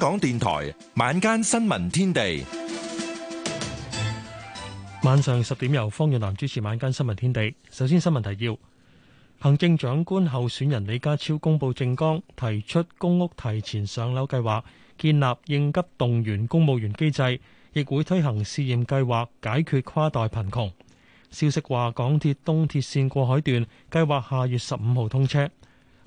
港電台晚間新聞天地，晚上十點由方若男主持晚間新聞天地。首先新聞提要：行政長官候選人李家超公布政綱，提出公屋提前上樓計劃，建立應急動員公務員機制，亦會推行試驗計劃解決跨代貧窮。消息話，港鐵東鐵綫過海段計劃下月十五號通車。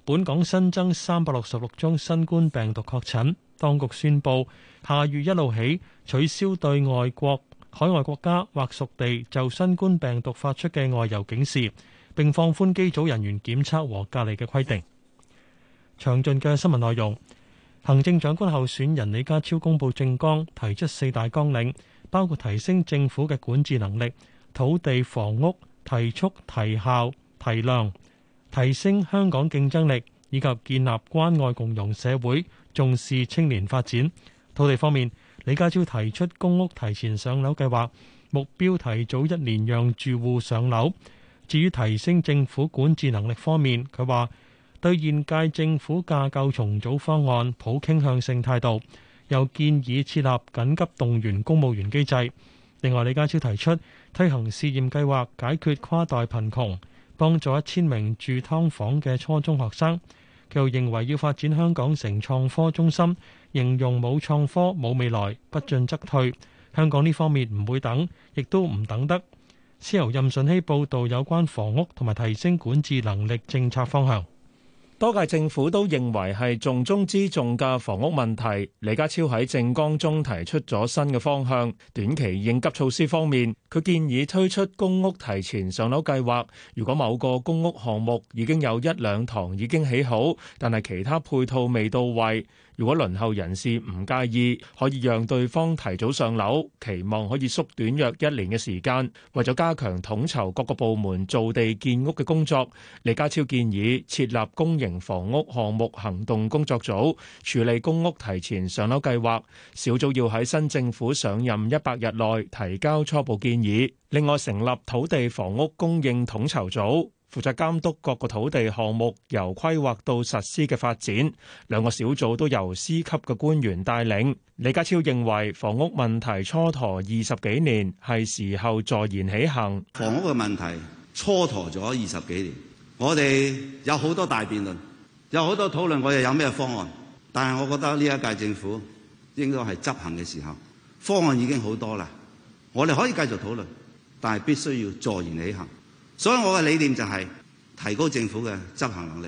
本港新增三百六十六宗新冠病毒確診，當局宣布，下月一號起取消對外國海外國家或屬地就新冠病毒發出嘅外遊警示，並放寬機組人員檢測和隔離嘅規定。詳盡嘅新聞內容，行政長官候選人李家超公布政綱，提出四大綱領，包括提升政府嘅管治能力、土地房屋提速提效提量。提升香港競爭力以及建立關愛共融社會，重視青年發展。土地方面，李家超提出公屋提前上樓計劃，目標提早一年讓住戶上樓。至於提升政府管治能力方面，佢話對現屆政府架構重組方案抱傾向性態度，又建議設立緊急動員公務員機制。另外，李家超提出推行試驗計劃，解決跨代貧窮。幫助一千名住劏房嘅初中學生，佢又認為要發展香港成創科中心，形容冇創科冇未來，不進則退。香港呢方面唔會等，亦都唔等得。先由任順希報導有關房屋同埋提升管治能力政策方向。多屆政府都認為係重中之重嘅房屋問題，李家超喺政綱中提出咗新嘅方向。短期應急措施方面，佢建議推出公屋提前上樓計劃。如果某個公屋項目已經有一兩幢已經起好，但係其他配套未到位，如果輪候人士唔介意，可以讓對方提早上樓，期望可以縮短約一年嘅時間。為咗加強統籌各個部門造地建屋嘅工作，李家超建議設立公營房屋項目行動工作組，處理公屋提前上樓計劃。小組要喺新政府上任一百日內提交初步建議。另外，成立土地房屋供應統籌組。負責監督各個土地項目由規劃到實施嘅發展，兩個小組都由司級嘅官員帶領。李家超認為房屋問題蹉跎二十幾年，係時候坐言起行。房屋嘅問題蹉跎咗二十幾年，我哋有好多大辯論，有好多討論，我哋有咩方案？但係我覺得呢一屆政府應該係執行嘅時候，方案已經好多啦，我哋可以繼續討論，但係必須要坐言起行。所以我嘅理念就係提高政府嘅執行能力，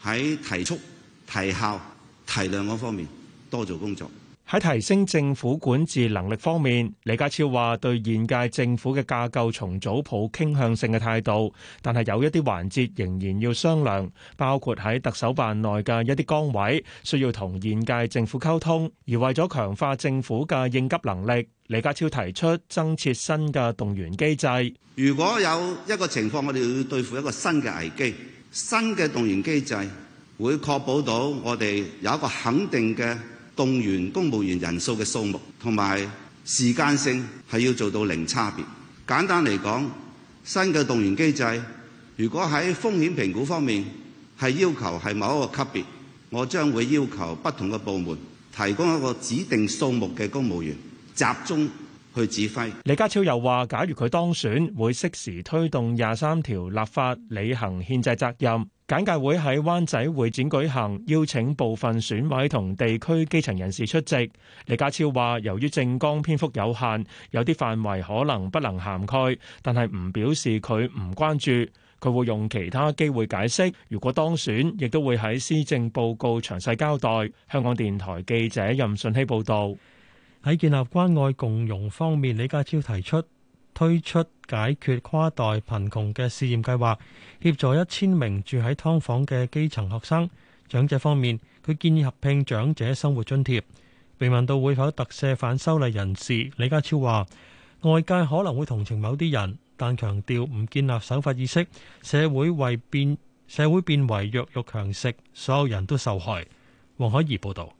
喺提速、提效、提量嗰方面多做工作。喺提升政府管治能力方面，李家超話對現屆政府嘅架構重組抱傾向性嘅態度，但係有一啲環節仍然要商量，包括喺特首辦內嘅一啲崗位需要同現屆政府溝通。而為咗強化政府嘅應急能力，李家超提出增設新嘅動員機制。如果有一個情況，我哋要對付一個新嘅危機，新嘅動員機制會確保到我哋有一個肯定嘅。動員公務員人數嘅數目同埋時間性係要做到零差別。簡單嚟講，新嘅動員機制，如果喺風險評估方面係要求係某一個級別，我將會要求不同嘅部門提供一個指定數目嘅公務員集中去指揮。李家超又話，假如佢當選，會適時推動廿三條立法，履行憲制責任。簡介會喺灣仔會展舉行，邀請部分選委同地區基層人士出席。李家超話，由於政綱篇幅有限，有啲範圍可能不能涵蓋，但係唔表示佢唔關注，佢會用其他機會解釋。如果當選，亦都會喺施政報告詳細交代。香港電台記者任順希報道。喺建立關愛共融方面，李家超提出，推出解決跨代貧窮嘅試驗計劃，協助一千名住喺劏房嘅基層學生。長者方面，佢建議合併長者生活津貼。被問到會否特赦反修例人士，李家超話：外界可能會同情某啲人，但強調唔建立守法意識，社會為變社會變為弱肉強食，所有人都受害。黃海怡報導。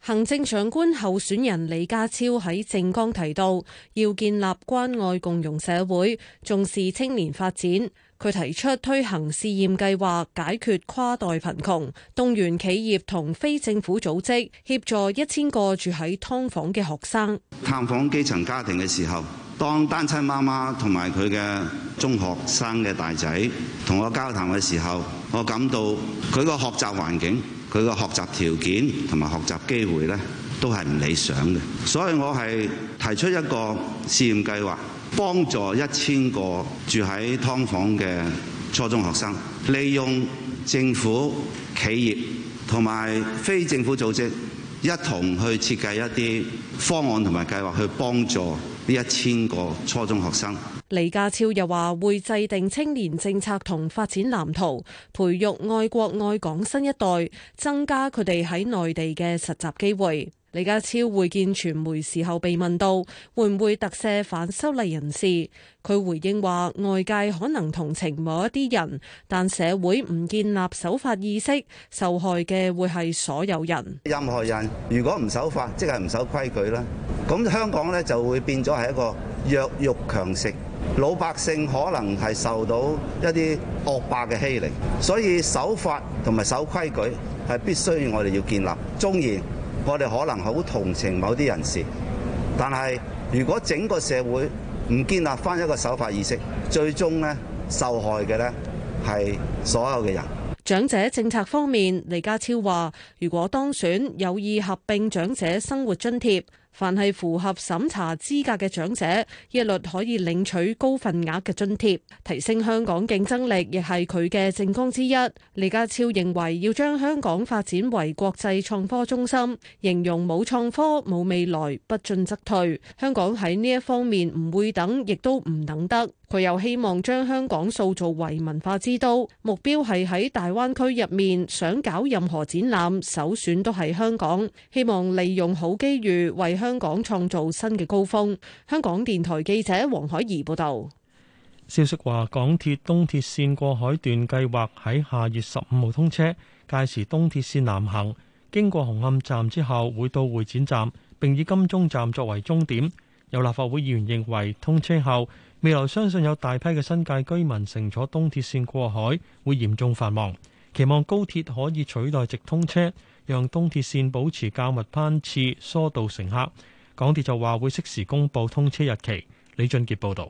行政長官候選人李家超喺政綱提到，要建立關愛共融社會，重視青年發展。佢提出推行試驗計劃，解決跨代貧窮，動員企業同非政府組織，協助一千個住喺劏房嘅學生。探訪基層家庭嘅時候，當單親媽媽同埋佢嘅中學生嘅大仔同我交談嘅時候，我感到佢個學習環境。佢個學習條件同埋學習機會咧，都係唔理想嘅，所以我係提出一個試驗計劃，幫助一千個住喺劏房嘅初中學生，利用政府、企業同埋非政府組織一同去設計一啲方案同埋計劃，去幫助呢一千個初中學生。李家超又話會制定青年政策同發展藍圖，培育愛國愛港新一代，增加佢哋喺內地嘅實習機會。李家超會見傳媒時候被問到會唔會特赦反修例人士，佢回應話：外界可能同情某一啲人，但社會唔建立守法意識，受害嘅會係所有人。任何人如果唔守法，即係唔守規矩啦。咁香港呢就會變咗係一個弱肉強食。老百姓可能係受到一啲惡霸嘅欺凌，所以守法同埋守規矩係必須。我哋要建立，縱然我哋可能好同情某啲人士，但係如果整個社會唔建立返一個守法意識，最終呢，受害嘅呢係所有嘅人。長者政策方面，李家超話，如果當選，有意合併長者生活津貼凡係符合審查資格嘅長者，一律可以領取高份額嘅津貼，提升香港競爭力，亦係佢嘅政綱之一。李家超認為要將香港發展為國際創科中心，形容冇創科、冇未來，不進則退。香港喺呢一方面唔會等，亦都唔等得。佢又希望將香港塑造為文化之都，目標係喺大灣區入面想搞任何展覽，首選都係香港，希望利用好機遇為香港創造新嘅高峰。香港電台記者黃海怡報道。消息話，港鐵東鐵綫過海段計劃喺下月十五號通車，屆時東鐵綫南行經過紅磡站之後會到會展站，並以金鐘站作為終點。有立法會議員認為，通車後未來相信有大批嘅新界居民乘坐東鐵線過海會嚴重繁忙，期望高鐵可以取代直通車，讓東鐵線保持較密班次，疏導乘客。港鐵就話會適時公佈通車日期。李俊傑報導。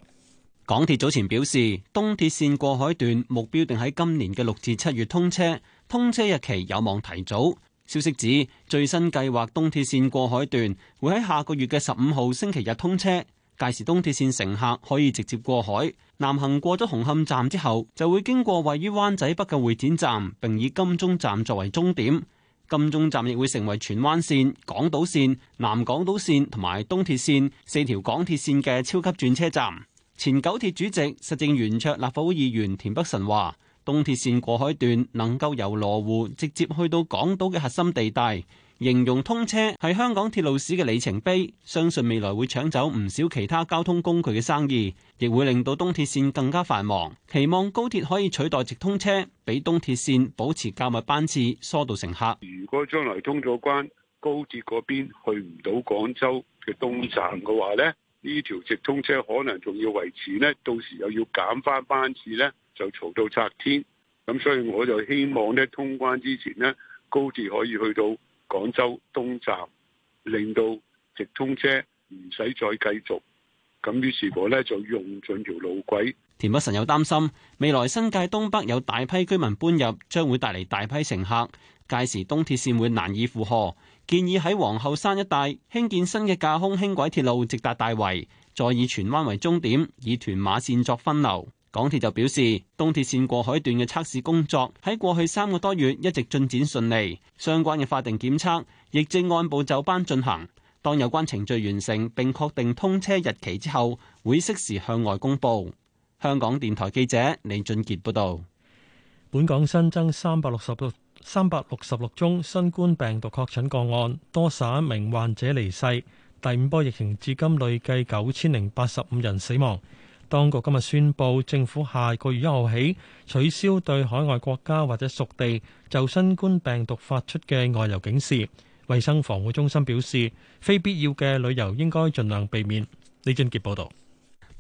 港鐵早前表示，東鐵線過海段目標定喺今年嘅六至七月通車，通車日期有望提早。消息指，最新計劃東鐵線過海段會喺下個月嘅十五號星期日通車，屆時東鐵線乘客可以直接過海。南行過咗紅磡站之後，就會經過位於灣仔北嘅會展站，並以金鐘站作為終點。金鐘站亦會成為荃灣線、港島線、南港島線同埋東鐵線四條港鐵線嘅超級轉車站。前九鐵主席、實政圓桌立法會議員田北辰話。東鐵線過海段能夠由羅湖直接去到港島嘅核心地帶，形容通車係香港鐵路史嘅里程碑，相信未來會搶走唔少其他交通工具嘅生意，亦會令到東鐵線更加繁忙。期望高鐵可以取代直通車，俾東鐵線保持較密班次，疏導乘客。如果將來通咗關，高鐵嗰邊去唔到廣州嘅東站嘅話咧，呢條直通車可能仲要維持呢，到時又要減返班次咧。就嘈到拆天咁，所以我就希望咧，通關之前咧，高鐵可以去到廣州東站，令到直通車唔使再繼續咁。於是我咧就用盡條路軌。田北辰又擔心未來新界東北有大批居民搬入，將會帶嚟大批乘客，屆時東鐵綫會難以負荷。建議喺皇后山一帶興建新嘅架空輕軌鐵路，直達大圍，再以荃灣為終點，以屯馬綫作分流。港鐵就表示，東鐵綫過海段嘅測試工作喺過去三個多月一直進展順利，相關嘅法定檢測亦正按部就班進行。當有關程序完成並確定通車日期之後，會適時向外公布。香港電台記者李俊杰報道。本港新增三百六十六三百六十六宗新冠病毒確診個案，多省一名患者離世。第五波疫情至今累計九千零八十五人死亡。當局今日宣布，政府下個月一號起取消對海外國家或者屬地就新冠病毒發出嘅外遊警示。衞生防護中心表示，非必要嘅旅遊應該盡量避免。李俊傑報導。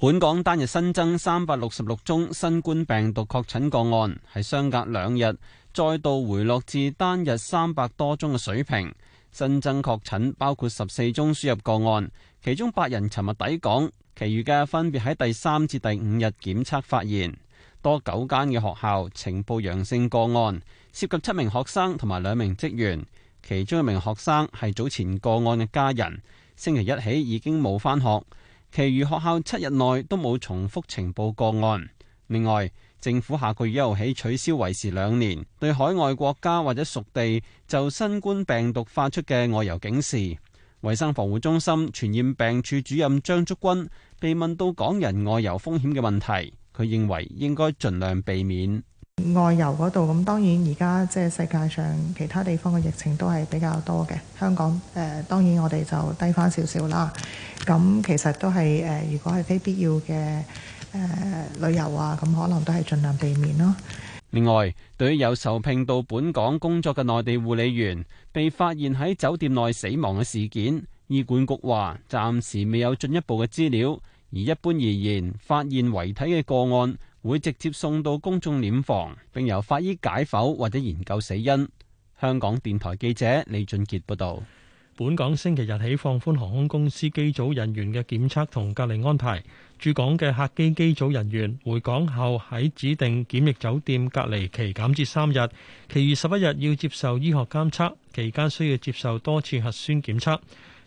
本港單日新增三百六十六宗新冠病毒確診個案，係相隔兩日再度回落至單日三百多宗嘅水平。新增確診包括十四宗輸入個案，其中八人尋日抵港，其餘嘅分別喺第三至第五日檢測發現。多九間嘅學校呈報陽性個案，涉及七名學生同埋兩名職員，其中一名學生係早前個案嘅家人。星期一起已經冇返學，其餘學校七日內都冇重複呈報個案。另外。政府下個月一日起取消為時兩年對海外國家或者屬地就新冠病毒發出嘅外遊警示。衛生防護中心傳染病處主任張竹君被問到港人外遊風險嘅問題，佢認為應該盡量避免外遊嗰度。咁當然而家即係世界上其他地方嘅疫情都係比較多嘅，香港誒、呃、當然我哋就低翻少少啦。咁其實都係誒、呃、如果係非必要嘅。誒、呃、旅遊啊，咁可能都係盡量避免咯、啊。另外，對於有受聘到本港工作嘅內地護理員被發現喺酒店內死亡嘅事件，醫管局話暫時未有進一步嘅資料。而一般而言，發現遺體嘅個案會直接送到公眾殮房，並由法醫解剖或者研究死因。香港電台記者李俊傑報導。本港星期日起放寬航空公司機組人員嘅檢測同隔離安排。駐港嘅客機機組人員回港後喺指定檢疫酒店隔離期減至三日，其餘十一日要接受醫學監測，期間需要接受多次核酸檢測。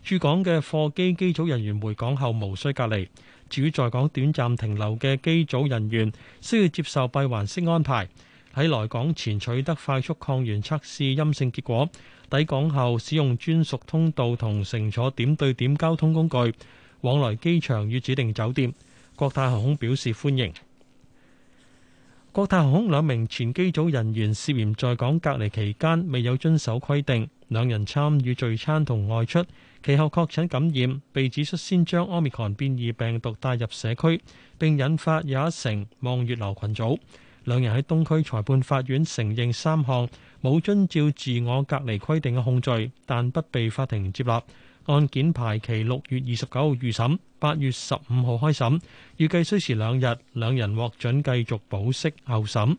駐港嘅貨機機組人員回港後無需隔離。至於在港短暫停留嘅機組人員，需要接受閉環式安排，喺來港前取得快速抗原測試陰性結果，抵港後使用專屬通道同乘坐點對點交通工具。往來機場與指定酒店，國泰航空表示歡迎。國泰航空兩名前機組人員涉嫌在港隔離期間未有遵守規定，兩人參與聚餐同外出，其後確診感染，被指率先將 Omicron 變異病毒帶入社區，並引發又一城望月樓群組。兩人喺東區裁判法院承認三項冇遵照自我隔離規定嘅控罪，但不被法庭接納。案件排期六月二十九號預審，八月十五號開審，預計需時兩日。兩人獲准繼續保釋候審。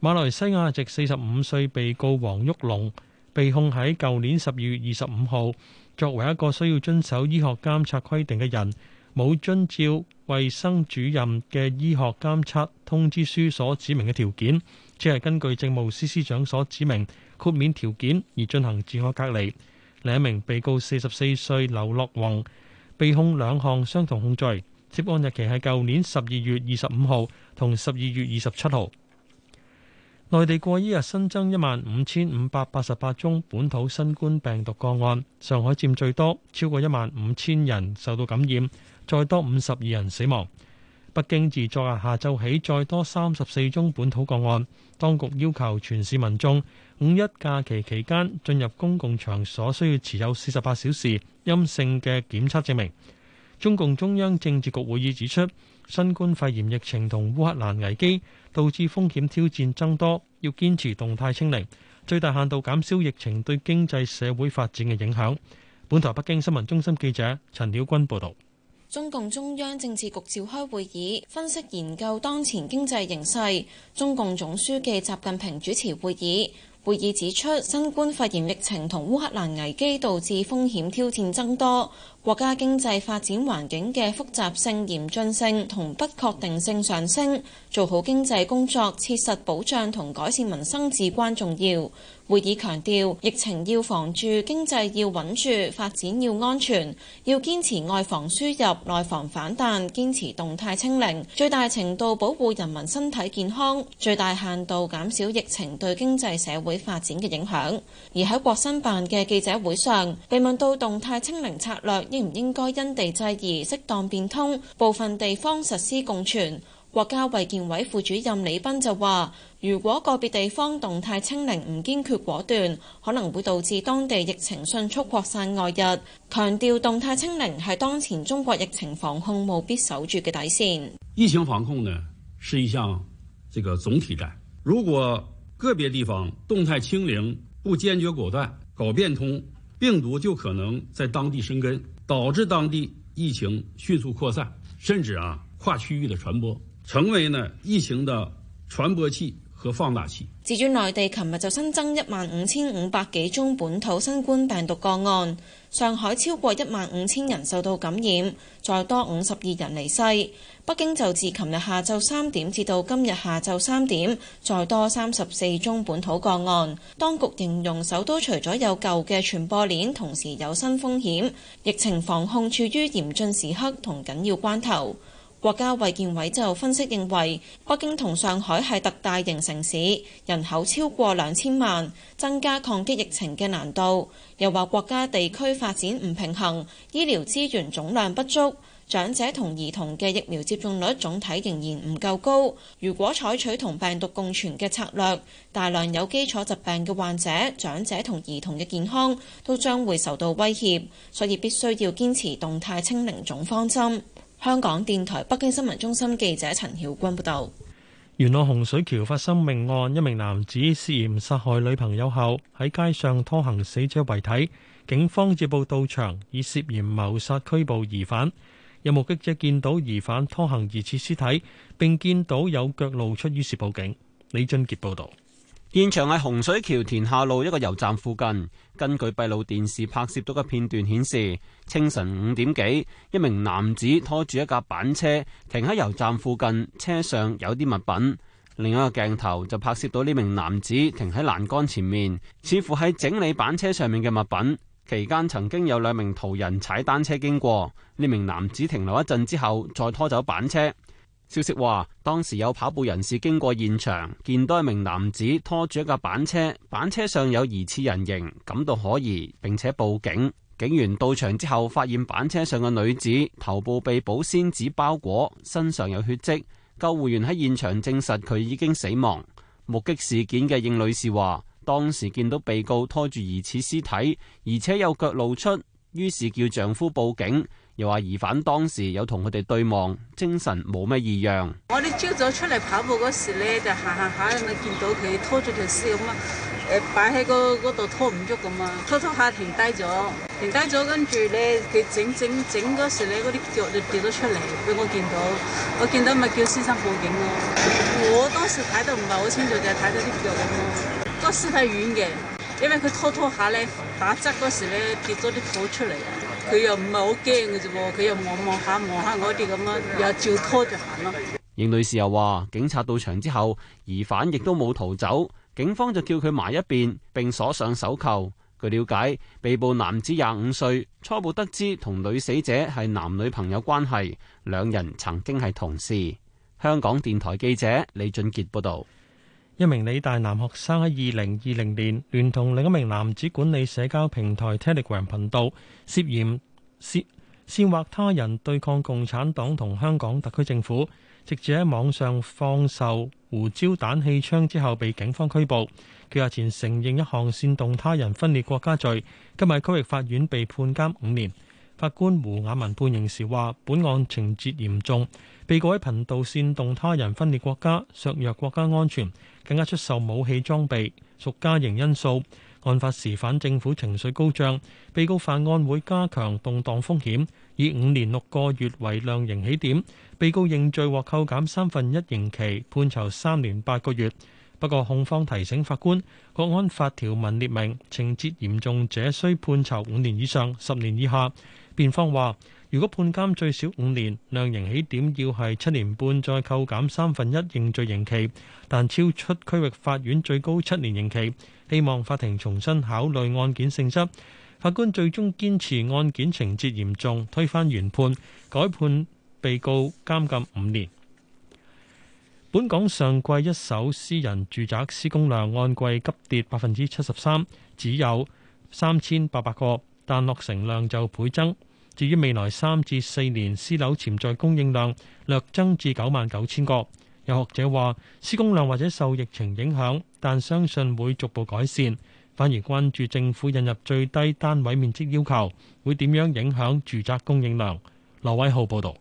馬來西亞籍四十五歲被告黃玉龍被控喺舊年十二月二十五號，作為一個需要遵守醫學監察規定嘅人，冇遵照衛生主任嘅醫學監察通知書所指明嘅條件，只係根據政務司司長所指明豁免條件而進行自我隔離。另一名被告四十四歲劉樂宏，被控兩項相同控罪，涉案日期係舊年十二月二十五號同十二月二十七號。內地過一日新增一萬五千五百八十八宗本土新冠病毒個案，上海佔最多，超過一萬五千人受到感染，再多五十二人死亡。北京自昨日下晝起再多三十四宗本土個案，當局要求全市民眾。五一假期期間進入公共場所需要持有四十八小時陰性嘅檢測證明。中共中央政治局會議指出，新冠肺炎疫情同烏克蘭危機導致風險挑戰增多，要堅持動態清零，最大限度減少疫情對經濟社會發展嘅影響。本台北京新聞中心記者陳曉君報道。中共中央政治局召開會議，分析研究當前經濟形勢。中共總書記習近平主持會議。會議指出，新冠肺炎疫情同烏克蘭危機導致風險挑戰增多。國家經濟發展環境嘅複雜性、嚴峻性同不確定性上升，做好經濟工作、切實保障同改善民生至關重要。會議強調，疫情要防住，經濟要穩住，發展要安全，要堅持外防輸入、內防反彈，堅持動態清零，最大程度保護人民身體健康，最大限度減少疫情對經濟社會發展嘅影響。而喺國新辦嘅記者會上，被問到動態清零策略唔應該因地制宜，適當變通，部分地方實施共存。國家衛健委副主任李斌就話，如果個別地方動態清零唔堅決果斷，可能會導致當地疫情迅速擴散外溢。強調動態清零係當前中國疫情防控務必守住嘅底線。疫情防控呢是一項這個總體戰，如果個別地方動態清零不堅決果斷搞變通，病毒就可能在當地生根。導致當地疫情迅速擴散，甚至啊跨區域的傳播，成為呢疫情的傳播器，和放大。至於內地，琴日就新增一萬五千五百幾宗本土新冠病毒個案，上海超過一萬五千人受到感染，再多五十二人離世。北京就自琴日下晝三點至到今日下晝三點，再多三十四宗本土個案。當局形容首都除咗有舊嘅傳播鏈，同時有新風險，疫情防控處於嚴峻時刻同緊要關頭。國家衛健委就分析認為，北京同上海係特大型城市，人口超過兩千萬，增加抗擊疫情嘅難度。又話國家地區發展唔平衡，醫療資源總量不足，長者同兒童嘅疫苗接種率總體仍然唔夠高。如果採取同病毒共存嘅策略，大量有基礎疾病嘅患者、長者同兒童嘅健康都將會受到威脅，所以必須要堅持動態清零總方針。香港電台北京新聞中心記者陳曉君報道：元朗洪水橋發生命案，一名男子涉嫌殺害女朋友後，喺街上拖行死者遺體，警方接報到場，以涉嫌謀殺拘捕疑犯。有目擊者見到疑犯拖行疑似屍體，並見到有腳露出，於是報警。李俊傑報道。現場喺洪水橋田下路一個油站附近。根據閉路電視拍攝到嘅片段顯示，清晨五點幾，一名男子拖住一架板車停喺油站附近，車上有啲物品。另一個鏡頭就拍攝到呢名男子停喺欄杆前面，似乎喺整理板車上面嘅物品。期間曾經有兩名途人踩單車經過，呢名男子停留一陣之後，再拖走板車。消息話，當時有跑步人士經過現場，見到一名男子拖住一架板車，板車上有疑似人形，感到可疑，並且報警。警員到場之後，發現板車上嘅女子頭部被保鮮紙包裹，身上有血跡。救護員喺現場證實佢已經死亡。目擊事件嘅應女士話，當時見到被告拖住疑似屍體，而且有腳露出，於是叫丈夫報警。又話疑犯當時有同佢哋對望，精神冇咩異樣。我哋朝早出嚟跑步嗰時咧，就行行下咪見到佢拖咗條屍咁啊，誒擺喺嗰度拖唔喐咁啊，拖拖下停低咗，停低咗跟住咧，佢整整整嗰時咧，嗰啲腳就跌咗出嚟俾我見到，我見到咪叫先生報警咯、啊。我當時睇到唔係好清楚，就係、係、睇到啲腳咯。個屍體軟嘅，因為佢拖拖下咧打側嗰時咧，跌咗啲土出嚟。佢又唔係好驚嘅啫喎，佢又望望下，望下我哋咁樣，又照拖就行咯。邢女士又話，警察到場之後，疑犯亦都冇逃走，警方就叫佢埋一邊，並鎖上手扣。據了解，被捕男子廿五歲，初步得知同女死者係男女朋友關係，兩人曾經係同事。香港電台記者李俊傑報導。一名理大男學生喺二零二零年聯同另一名男子管理社交平台 Telegram 頻道，涉嫌煽惑他人對抗共產黨同香港特區政府，直至喺網上放售胡椒彈氣槍之後被警方拘捕。佢日前承認一項煽動他人分裂國家罪，今日區域法院被判監五年。法官胡雅文判刑時話：本案情節嚴重。被告喺頻道煽動他人分裂國家、削弱國家安全，更加出售武器裝備，屬加刑因素。案發時反政府情緒高漲，被告犯案會加強動盪風險，以五年六個月為量刑起點。被告認罪獲扣減三分一刑期，判囚三年八個月。不過控方提醒法官，國安法條文列明，情節嚴重者需判囚五年以上、十年以下。辯方話。如果判監最少五年，量刑起點要係七年半，再扣減三分一認罪刑期，但超出區域法院最高七年刑期，希望法庭重新考慮案件性質。法官最終堅持案件情節嚴重，推翻原判，改判被告監禁五年。本港上季一手私人住宅施工量按季急跌百分之七十三，只有三千八百個，但落成量就倍增。至於未來三至四年私樓潛在供應量，略增至九萬九千個。有學者話，施工量或者受疫情影響，但相信會逐步改善。反而關注政府引入最低單位面積要求，會點樣影響住宅供應量。劉偉浩報導。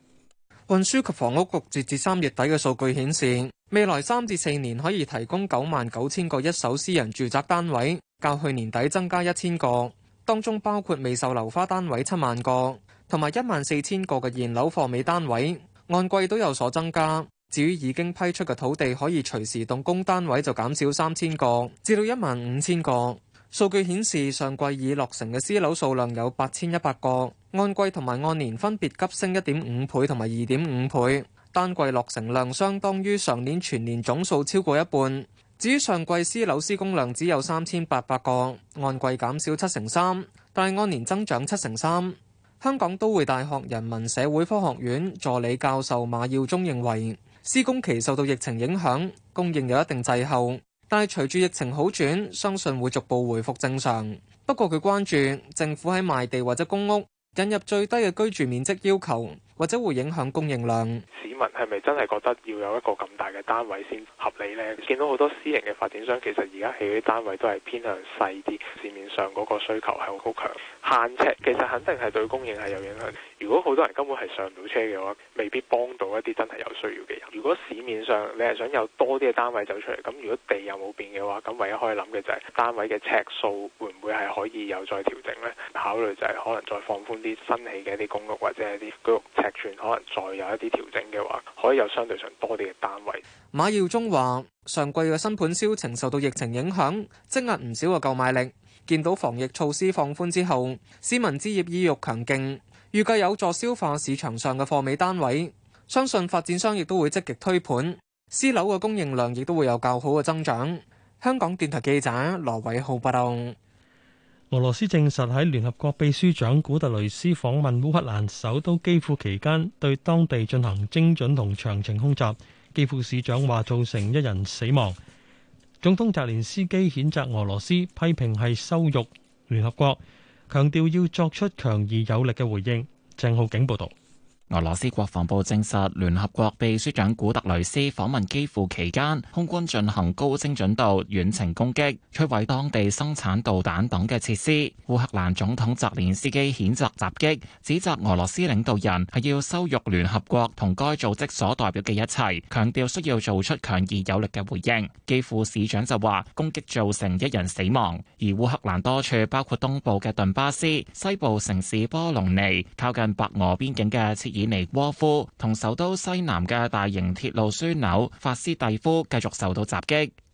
運輸及房屋局截至三月底嘅數據顯示，未來三至四年可以提供九萬九千個一手私人住宅單位，較去年底增加一千個，當中包括未售樓花單位七萬個。同埋一萬四千個嘅現樓貨尾單位，按季都有所增加。至於已經批出嘅土地可以隨時動工單位就減少三千個，至到一萬五千個。數據顯示上季已落成嘅私樓數量有八千一百個，按季同埋按年分別急升一點五倍同埋二點五倍。單季落成量相當於上年全年總數超過一半。至於上季私樓施工量只有三千八百個，按季減少七成三，但按年增長七成三。香港都會大學人民社會科學院助理教授馬耀忠認為，施工期受到疫情影響，供應有一定滯後，但係隨住疫情好轉，相信會逐步回復正常。不過，佢關注政府喺賣地或者公屋引入最低嘅居住面積要求。或者會影響供應量。市民係咪真係覺得要有一個咁大嘅單位先合理呢？見到好多私營嘅發展商，其實而家起啲單位都係偏向細啲。市面上嗰個需求係好強，限尺其實肯定係對供應係有影響。如果好多人根本係上唔到車嘅話，未必幫到一啲真係有需要嘅人。如果市面上你係想有多啲嘅單位走出嚟，咁如果地又冇變嘅話，咁唯一可以諗嘅就係單位嘅尺數會唔會係可以有再調整呢？考慮就係可能再放寬啲新起嘅一啲公屋或者一啲居屋。石可能再有一啲調整嘅話，可以有相對上多啲嘅單位。馬耀忠話上季嘅新盤銷情受到疫情影響積壓唔少嘅購買力。見到防疫措施放寬之後，市民置業意欲強勁，預計有助消化市場上嘅貨尾單位。相信發展商亦都會積極推盤，私樓嘅供應量亦都會有較好嘅增長，香港電台記者羅偉浩報道。俄羅斯證實喺聯合國秘書長古特雷斯訪問烏克蘭首都基輔期間，對當地進行精準同長程空襲。基輔市長話造成一人死亡。總統澤連斯基譴責俄羅斯，批評係羞辱聯合國，強調要作出強而有力嘅回應。鄭浩景報道。俄羅斯國防部證實，聯合國秘書長古特雷斯訪問基輔期間，空軍進行高精準度遠程攻擊，摧毀當地生產導彈等嘅設施。烏克蘭總統澤連斯基譴責襲擊，指責俄羅斯領導人係要羞辱聯合國同該組織所代表嘅一切，強調需要做出強而有力嘅回應。基輔市長就話，攻擊造成一人死亡，而烏克蘭多處，包括東部嘅頓巴斯、西部城市波隆尼、靠近白俄邊境嘅設。以尼沃夫同首都西南嘅大型鐵路樞紐法斯蒂夫繼續受到襲擊。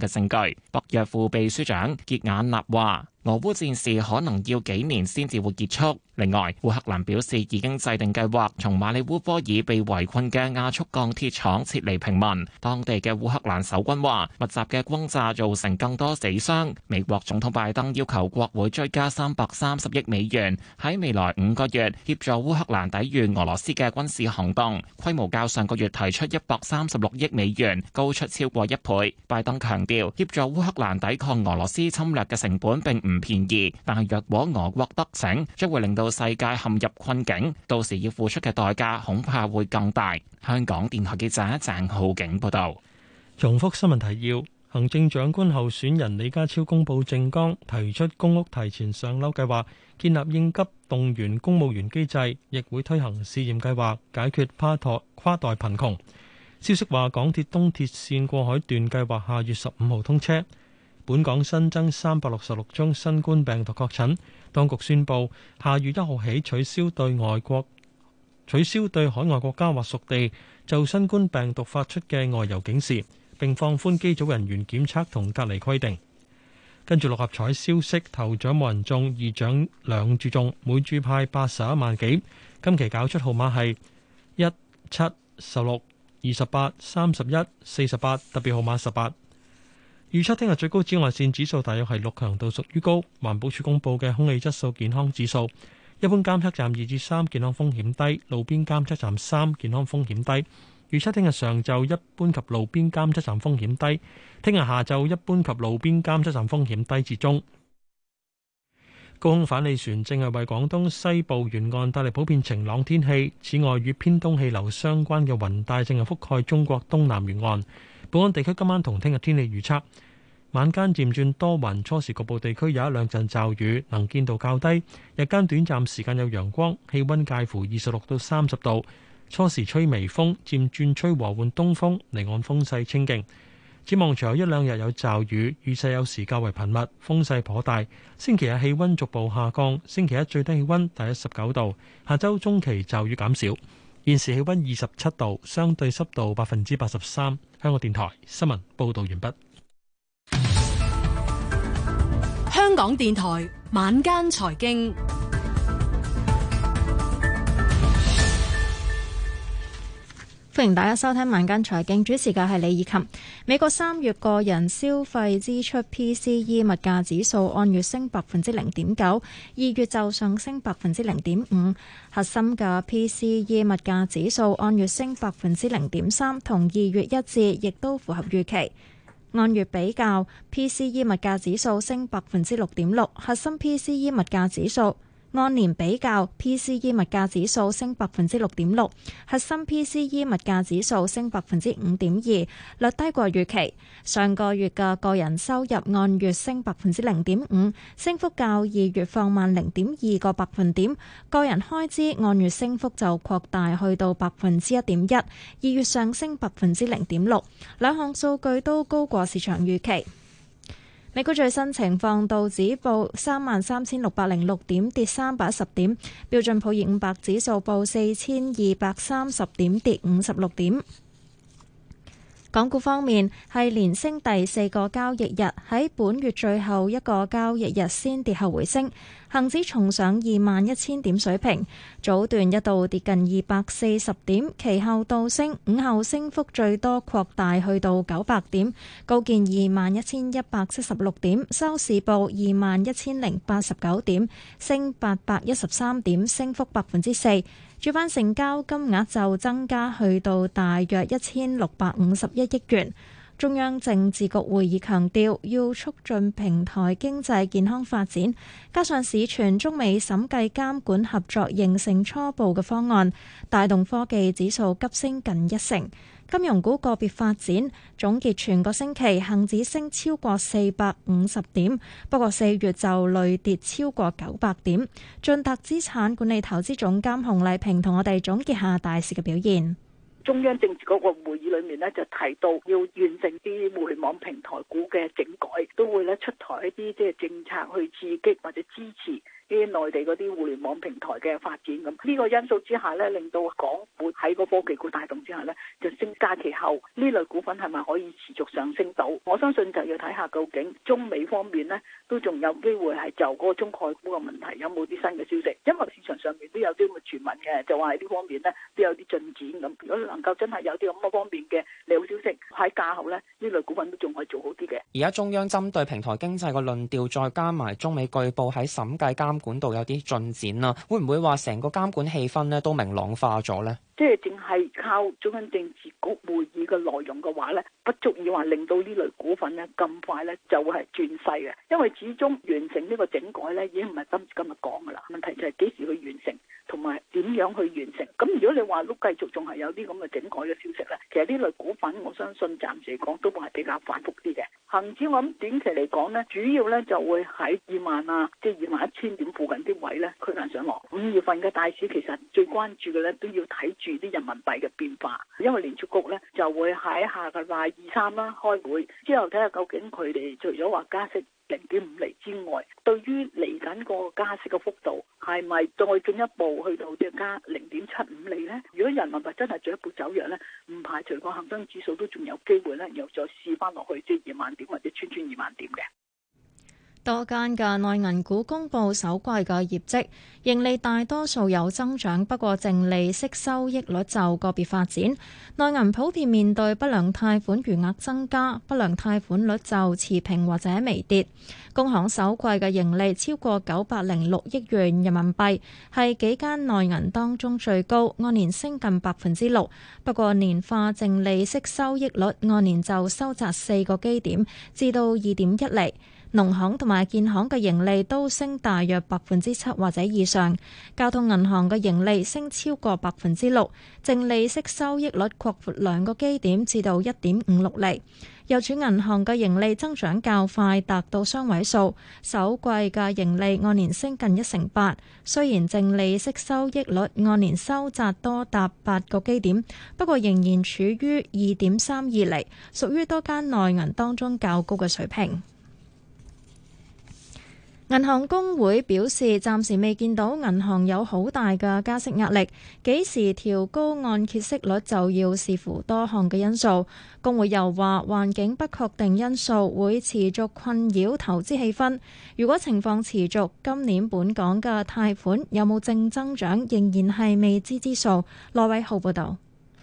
嘅證據，博約副秘書長杰雅納話。俄烏戰事可能要幾年先至會結束。另外，烏克蘭表示已經制定計劃從馬里烏波爾被圍困的亞速鋼鐵廠撤離平民。當地的烏克蘭守軍話，密集的轟炸造成更多死傷。美國總統拜登要求國會追加三百三十億美元，喺未來五個月，協助烏克蘭抵禦俄羅斯的軍事行動。規模較上個月提出一百三十六億美元，高出超過一倍。拜登強調，協助烏克蘭抵抗俄羅斯侵略的成本並唔便宜，但係若果俄國得逞，將會令到世界陷入困境，到時要付出嘅代價恐怕會更大。香港電台記者鄭浩景報道。重複新聞提要：行政長官候選人李家超公布政綱，提出公屋提前上樓計劃，建立應急動員公務員機制，亦會推行試驗計劃解決帕托跨代貧窮。消息話，港鐵東鐵綫過海段計劃下月十五號通車。本港新增三百六十六宗新冠病毒確診，當局宣布下月一號起取消對外國取消對海外國家或屬地就新冠病毒發出嘅外遊警示，並放寬機組人員檢測同隔離規定。跟住六合彩消息，頭獎冇人中，二獎兩注中，每注派八十一萬幾，今期攪出號碼，係一、七、十六、二十八、三十一、四十八，特別號碼十八。預測聽日最高紫外線指數大約係六強度，屬於高。環保署公布嘅空氣質素健康指數，一般監測站二至三健康風險低，路邊監測站三健康風險低。預測聽日上晝一般及路邊監測站風險低，聽日下晝一般及路邊監測站風險低至中。高空反氣旋正係為廣東西部沿岸帶嚟普遍晴朗天氣。此外，與偏東氣流相關嘅雲帶正係覆蓋中國東南沿岸。本港地區今晚同聽日天氣預測，晚間漸轉多雲，初時局部地區有一兩陣驟雨，能見度較低。日間短暫時間有陽光，氣温介乎二十六到三十度，初時吹微風，漸轉吹和緩東風，離岸風勢清勁。展望再有一兩日有驟雨，雨勢有時較為頻密，風勢頗大。星期日氣温逐步下降，星期一最低氣温大約十九度。下周中期驟雨減少，現時氣温二十七度，相對濕度百分之八十三。香港電台新聞報道完畢。香港電台晚間財經。歡迎大家收聽《晚間財經》，主持嘅係李以琴。美國三月個人消費支出 （PCE） 物價指數按月升百分之零點九，二月就上升百分之零點五。核心嘅 PCE 物價指數按月升百分之零點三，同二月一致，亦都符合預期。按月比較，PCE 物價指數升百分之六點六，核心 PCE 物價指數。按年比較，PCE 物價指數升百分之六點六，核心 PCE 物價指數升百分之五點二，略低過預期。上個月嘅個人收入按月升百分之零點五，升幅較二月放慢零點二個百分點；個人開支按月升幅就擴大去到百分之一點一，二月上升百分之零點六，兩項數據都高過市場預期。美股最新情況：道指報三萬三千六百零六點，跌三百一十點；標準普爾五百指數報四千二百三十點，跌五十六點。港股方面係連升第四個交易日，喺本月最後一個交易日先跌後回升，恒指重上二萬一千點水平。早段一度跌近二百四十點，其後倒升，午後升幅最多擴大去到九百點，高見二萬一千一百七十六點，收市報二萬一千零八十九點，升八百一十三點，升幅百分之四。主板成交金額就增加去到大約一千六百五十一億元。中央政治局會議強調要促進平台經濟健康發展，加上市傳中美審計監管合作形成初步嘅方案，帶動科技指數急升近一成。金融股個別發展，總結全個星期，恒指升超過四百五十點，不過四月就累跌超過九百點。進達資產管理投資總監洪麗萍同我哋總結下大市嘅表現。中央政治局個會議裏面呢，就提到要完成啲互聯網平台股嘅整改，都會咧出台一啲即係政策去刺激或者支持。啲內地嗰啲互聯網平台嘅發展，咁，呢個因素之下咧，令到港股喺個科技股帶動之下咧，就升價。其後呢類股份係咪可以持續上升到？我相信就要睇下究竟中美方面呢都仲有機會係就嗰個中概股嘅問題有冇啲新嘅消息？因為市場上面都有啲咁嘅傳聞嘅，就話喺呢方面咧都有啲進展咁。如果能夠真係有啲咁嘅方面嘅利好消息喺價後咧，呢類股份都仲可以做好啲嘅。而家中央針對平台經濟嘅論調，再加埋中美據報喺審計監，監。會會管道有啲進展啦，會唔會話成個監管氣氛咧都明朗化咗咧？即係淨係靠中央政治局會議嘅內容嘅話呢，不足以話令到呢類股份呢咁快呢就會係轉勢嘅，因為始終完成呢個整改呢已經唔係今時今日講噶啦，問題就係幾時去完成同埋點樣去完成。咁如果你話都繼續仲係有啲咁嘅整改嘅消息呢？其實呢類股份我相信暫時嚟講都係比較反覆啲嘅。恆指我諗短期嚟講呢，主要呢就會喺二萬啊，即係二萬一千點附近啲位呢，區間上落。五月份嘅大市其實最關注嘅呢都要睇住住啲人民幣嘅變化，因為聯儲局咧就會喺下個禮拜二三啦開會，之後睇下究竟佢哋除咗話加息零點五厘之外，對於嚟緊個加息嘅幅度係咪再進一步去到即係加零點七五厘咧？如果人民幣真係進一步走弱咧，唔排除個恒生指數都仲有機會咧，又再試翻落去即係二萬點或者穿穿二萬點嘅。多間嘅內銀股公佈首季嘅業績，盈利大多數有增長，不過淨利息收益率就個別發展。內銀普遍面對不良貸款餘額增加，不良貸款率就持平或者微跌。工行首季嘅盈利超過九百零六億元人民幣，係幾間內銀當中最高，按年升近百分之六。不過年化淨利息收益率按年就收窄四個基點，至到二點一厘。農行同埋建行嘅盈利都升大約百分之七或者以上，交通銀行嘅盈利升超過百分之六，淨利息收益率擴闊兩個基點至到一點五六厘。郵儲銀行嘅盈利增長較快，達到雙位數，首季嘅盈利按年升近一成八，雖然淨利息收益率按年收窄多達八個基點，不過仍然處於二點三二厘，屬於多間內銀當中較高嘅水平。銀行公會表示，暫時未見到銀行有好大嘅加息壓力，幾時調高按揭息率就要視乎多項嘅因素。公會又話，環境不確定因素會持續困擾投資氣氛。如果情況持續，今年本港嘅貸款有冇正增長仍然係未知之數。羅偉浩報導。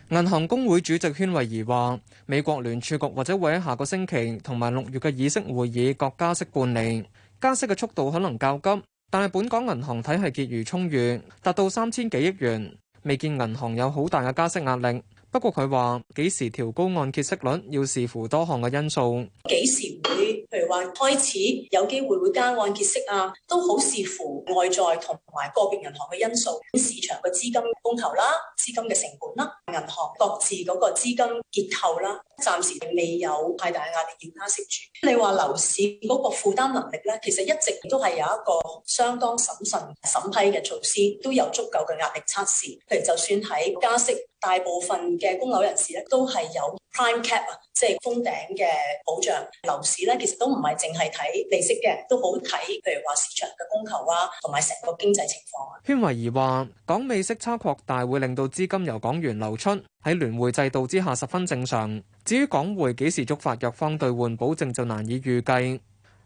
銀行公會主席禤惠儀話，美國聯儲局或者會喺下個星期同埋六月嘅議息會議各加息半釐。加息嘅速度可能較急，但係本港銀行體系結餘充裕，達到三千幾億元，未見銀行有好大嘅加息壓力。不過佢話幾時調高按揭息率，要視乎多項嘅因素。幾時會，譬如話開始有機會會加按揭息啊，都好視乎外在同埋個別銀行嘅因素、市場嘅資金供求啦、資金嘅成本啦、啊、銀行各自嗰個資金結構啦、啊。暫時未有太大壓力要加息住、啊。你話樓市嗰個負擔能力咧，其實一直都係有一個相當審慎審批嘅措施，都有足夠嘅壓力測試。譬如就算喺加息。大部分嘅供樓人士咧，都係有 prime cap 啊，即係封頂嘅保障。樓市咧，其實都唔係淨係睇利息嘅，都好睇，譬如話市場嘅供求啊，同埋成個經濟情況啊。宣維儀話：港美息差擴大會令到資金由港元流出，喺聯匯制度之下十分正常。至於港匯幾時觸發弱方兌換保證就難以預計。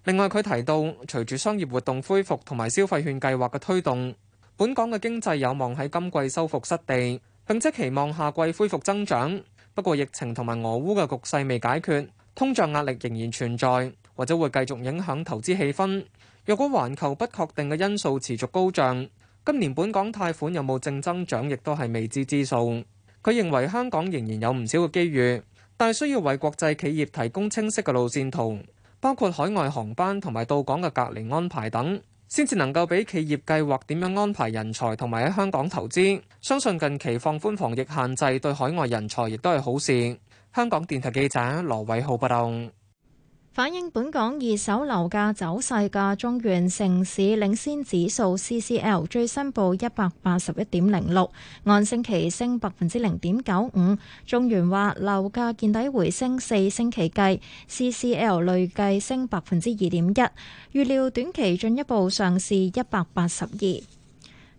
另外，佢提到隨住商業活動恢復同埋消費券計劃嘅推動，本港嘅經濟有望喺今季收復失地。並且期望下季恢復增長，不過疫情同埋俄烏嘅局勢未解決，通脹壓力仍然存在，或者會繼續影響投資氣氛。若果環球不確定嘅因素持續高漲，今年本港貸款有冇正增長亦都係未知之數。佢認為香港仍然有唔少嘅機遇，但係需要為國際企業提供清晰嘅路線圖，包括海外航班同埋到港嘅隔離安排等。先至能夠俾企業計劃點樣安排人才同埋喺香港投資，相信近期放寬防疫限制對海外人才亦都係好事。香港電台記者羅偉浩報道。反映本港二手樓價走勢嘅中原城市領先指數 CCL 最新報一百八十一點零六，按星期升百分之零點九五。中原話樓價見底回升，四星期計 CCL 累計升百分之二點一，預料短期進一步上試一百八十二。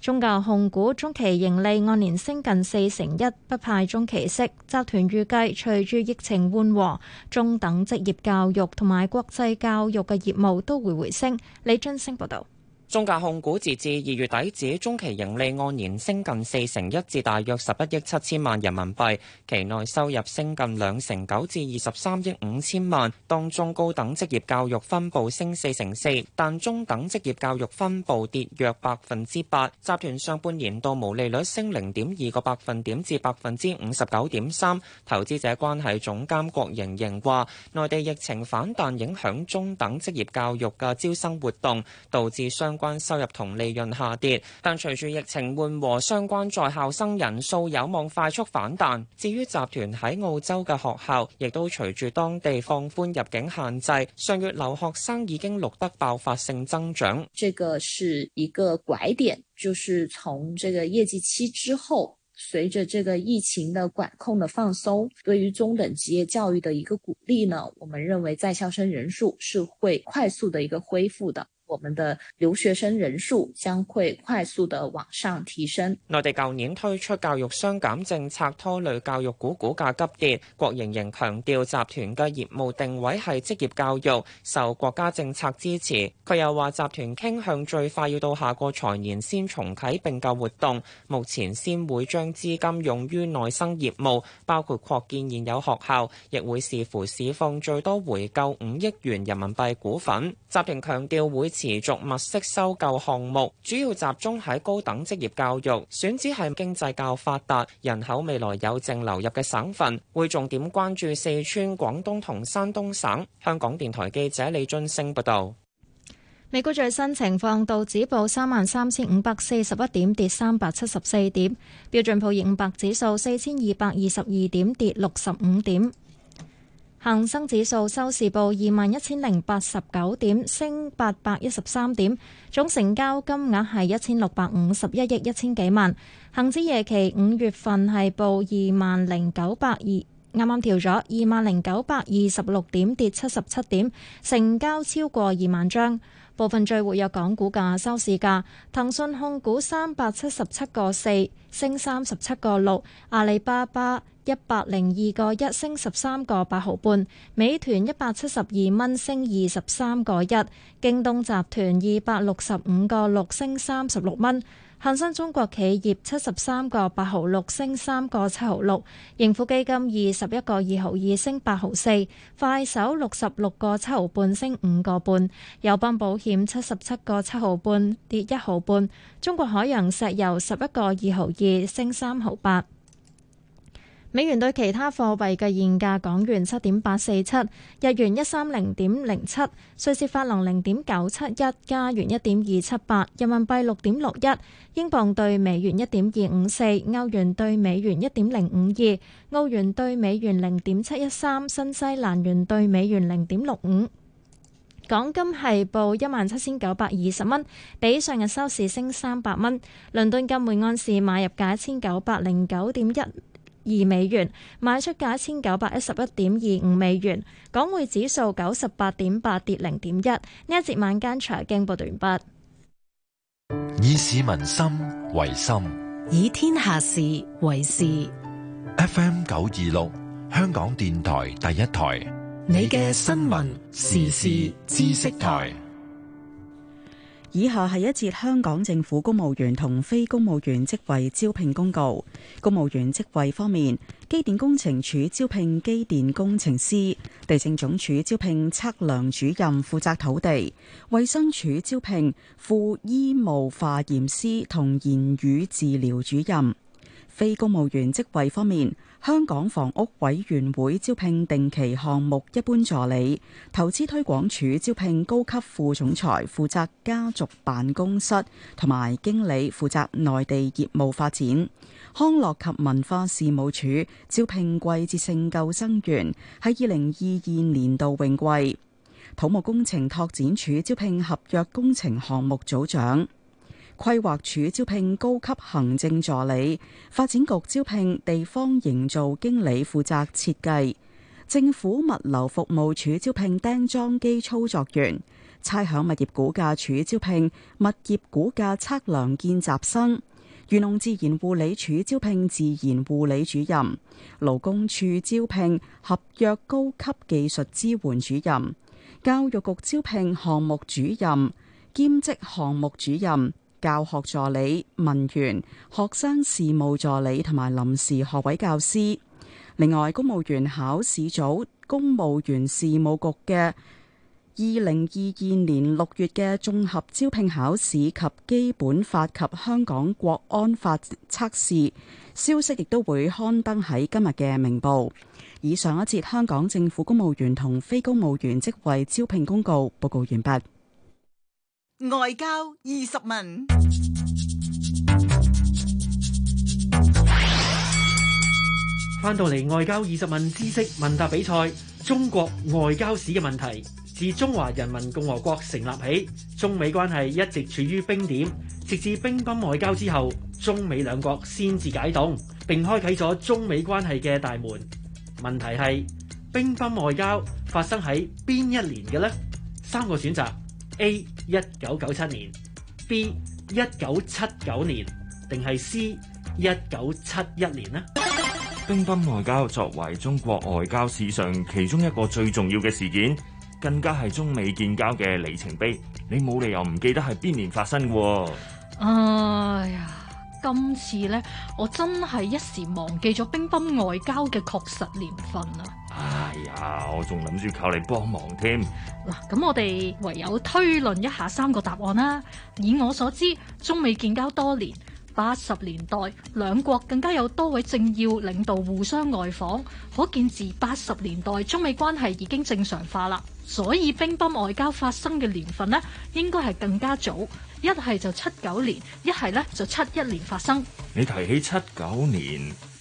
中教控股中期盈利按年升近四成一，不派中期息。集團預計隨住疫情緩和，中等職業教育同埋國際教育嘅業務都會回，回升。李津升報道。中教控股截至二月底止，中期盈利按年升近四成一，至大約十一億七千萬人民幣；期內收入升近兩成九，至二十三億五千萬。當中高等職業教育分部升四成四，但中等職業教育分部跌約百分之八。集團上半年度毛利率升零點二個百分點至百分之五十九點三。投資者關係總監郭瑩瑩話：內地疫情反彈影響中等職業教育嘅招生活動，導致相。關收入同利潤下跌，但隨住疫情緩和，相關在校生人數有望快速反彈。至於集團喺澳洲嘅學校，亦都隨住當地放寬入境限制，上月留學生已經錄得爆發性增長。這個是一個拐點，就是從這個業績期之後，隨着這個疫情的管控的放鬆，對於中等職業教育的一個鼓勵呢，我們認為在校生人數是會快速的一個恢復的。我們的留學生人數將會快速的往上提升。內地舊年推出教育雙減政策，拖累教育股股價急跌。郭瑩瑩強調集團嘅業務定位係職業教育，受國家政策支持。佢又話集團傾向最快要到下個財年先重啟併購活動，目前先會將資金用於內生業務，包括擴建現有學校，亦會視乎市況最多回購五億元人民幣股份。集團強調會持續物色收購項目，主要集中喺高等職業教育，選址係經濟較發達、人口未來有淨流入嘅省份，會重點關注四川、廣東同山東省。香港電台記者李津升報道。美國最新情況，道指報三萬三千五百四十一點，跌三百七十四點；標準普爾五百指數四千二百二十二點，跌六十五點。恒生指數收市報二萬一千零八十九點，升八百一十三點，總成交金額係一千六百五十一億一千幾萬。恒指夜期五月份係報二萬零九百二。啱啱調咗二萬零九百二十六點，跌七十七點，成交超過二萬張。部分最活躍港股價收市價：騰訊控股三百七十七個四，升三十七個六；阿里巴巴一百零二個一，升十三個八毫半；美團一百七十二蚊，升二十三個一；京東集團二百六十五個六，升三十六蚊。恒生中國企業七十三個八毫六升三個七毫六，盈富基金二十一個二毫二升八毫四，快手六十六個七毫半升五個半，友邦保險七十七個七毫半跌一毫半，中國海洋石油十一個二毫二升三毫八。美元對其他貨幣嘅現價：港元七點八四七，日元一三零點零七，瑞士法郎零點九七一，加元一點二七八，人民幣六點六一，英鎊對美元一點二五四，歐元對美元一點零五二，澳元對美元零點七一三，新西蘭元對美元零點六五。港金係報一萬七千九百二十蚊，比上日收市升三百蚊。倫敦金每安士買入價一千九百零九點一。二美元，賣出價一千九百一十一點二五美元。港匯指數九十八點八，跌零點一。呢一節晚間財經報道完畢。以市民心為心，以天下事為事。F M 九二六，香港電台第一台，你嘅新聞時事知識台。以下係一節香港政府公務員同非公務員職位招聘公告。公務員職位方面，機電工程署招聘機電工程師，地政總署招聘測量主任負責土地，衛生署招聘副醫務化驗師同言語治療主任。非公務員職位方面。香港房屋委員會招聘定期項目一般助理，投資推廣署招聘高級副總裁，負責家族辦公室同埋經理，負責內地業務發展。康樂及文化事務署招聘季節性救生員，喺二零二二年度泳季。土木工程拓展署招聘合約工程項目組長。規劃署招聘高級行政助理，發展局招聘地方營造經理負責設計，政府物流服務署招聘釘裝機操作員，差餉物業估價署招聘物業估價測量見習生，漁農自然護理署招聘自然護理主任，勞工處招聘合約高級技術支援主任，教育局招聘項目主任兼職項目主任。兼職項目主任教學助理、文員、學生事務助理同埋臨時學位教師。另外，公務員考試組、公務員事務局嘅二零二二年六月嘅綜合招聘考試及基本法及香港國安法測試消息亦都會刊登喺今日嘅明報。以上一節，香港政府公務員同非公務員職位招聘公告報告完畢。外交二十問，翻到嚟外交二十問知識問答比賽，中國外交史嘅問題，自中華人民共和國成立起，中美關係一直處於冰點，直至乒乓外交之後，中美兩國先至解凍，並開啟咗中美關係嘅大門。問題係，乒乓外交發生喺邊一年嘅呢？三個選擇。A 一九九七年，B 一九七九年，定係 C 一九七一年呢？乒乓外交作為中國外交史上其中一個最重要嘅事件，更加係中美建交嘅里程碑，你冇理由唔記得係邊年發生嘅。哎呀！今次呢，我真係一時忘記咗乒乓外交嘅確實年份啦。哎呀，我仲諗住靠你幫忙添。嗱，咁我哋唯有推論一下三個答案啦。以我所知，中美建交多年。八十年代，兩國更加有多位政要領導互相外訪，可見自八十年代中美關係已經正常化啦。所以乒乓外交發生嘅年份呢，應該係更加早，一係就七九年，一係呢就七一年發生。你提起七九年。